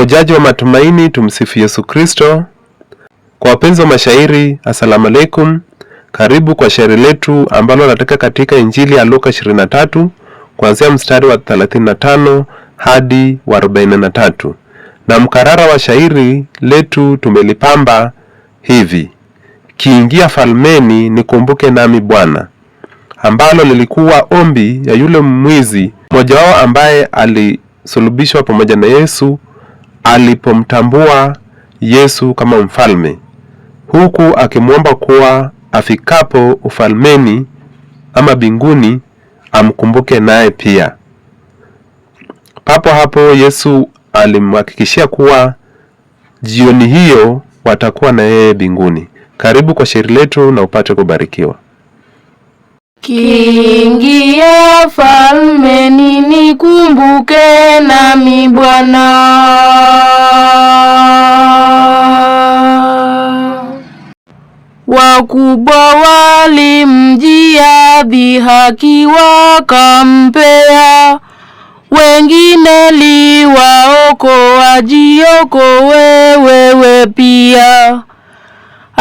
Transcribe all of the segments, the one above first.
ujaji wa matumaini. Tumsifu Yesu Kristo. Kwa wapenzi wa mashairi, asalamu alaikum. Karibu kwa shairi letu ambalo nataka katika Injili ya Luka 23 kuanzia mstari wa 35 hadi wa 43, na mkarara wa shairi letu tumelipamba hivi: kiingia falmeni nikumbuke nami Bwana, ambalo lilikuwa ombi ya yule mwizi mmoja wao ambaye alisulubishwa pamoja na Yesu alipomtambua Yesu kama mfalme, huku akimwomba kuwa afikapo ufalmeni ama binguni amkumbuke naye pia. Papo hapo Yesu alimhakikishia kuwa jioni hiyo watakuwa na yeye binguni. Karibu kwa shairi letu na upate kubarikiwa. Kiingia falmeni nikumbuke nami Bwana. Wakubwa walimjia dhihaki wakampea, wengine liwaokoa jiokoe wewewe pia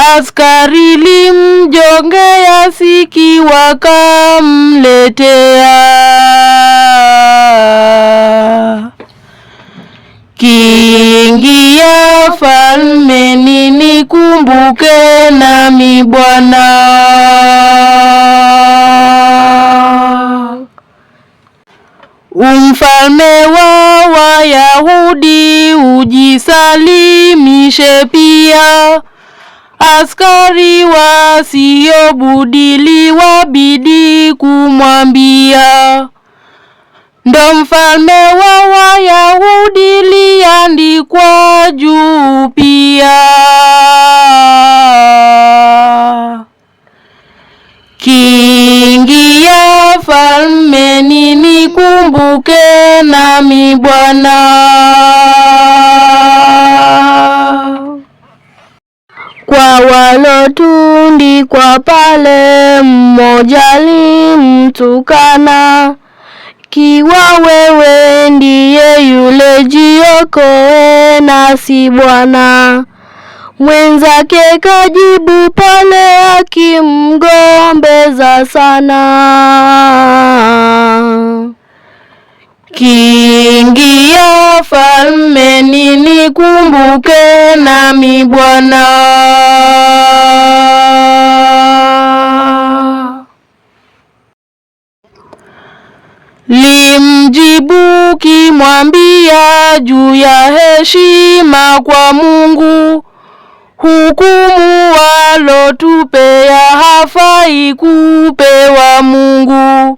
Askari limjongea siki wakamletea. Kiingia nini nikumbuke nami Bwana. Umfalme wa Wayahudi ujisalimishe pia askari wasiobudiliwa wabidi kumwambia ndo mfalme wa Wayahudi liandikwa juu pia. Kiingia falme nini kumbuke nami Bwana kwa walotundikwa pale, mmoja alimtukana, kiwa wewe ndiye yule jiokoe nasi Bwana. Mwenzake kajibu pale, akimgombeza sana Ukiingia falmeni nikumbuke nami Bwana. Limjibu kimwambia juu ya heshima kwa Mungu, hukumu walotupea hafai kupewa Mungu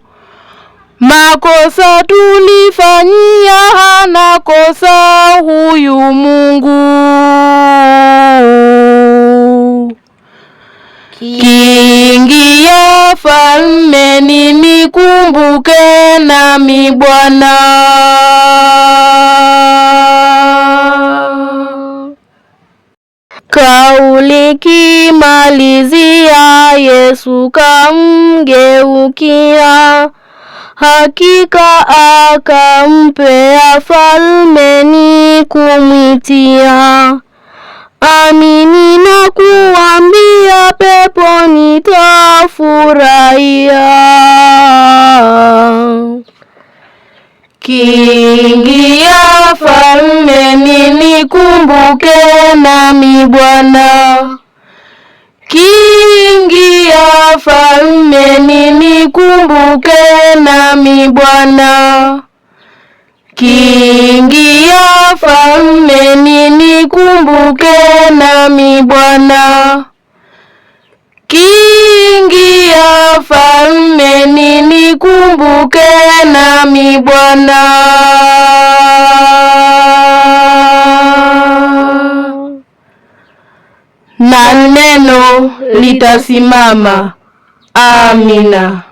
Makosa tulifanyia, hana kosa huyu Mungu. Kiingia falmeni, nikumbuke nami Bwana. Kauli kimalizia, Yesu kamgeukia Hakika akampea falme ni kumwitia. Amini na kuambia, peponi tafurahia. Kiingia falmeni, nikumbuke nami Bwana. Kiingia falmeni, nikumbuke ukae nami Bwana, kiingia falmeni nikumbuke nami Bwana, kiingia falmeni nikumbuke nami Bwana. Na neno litasimama. Amina.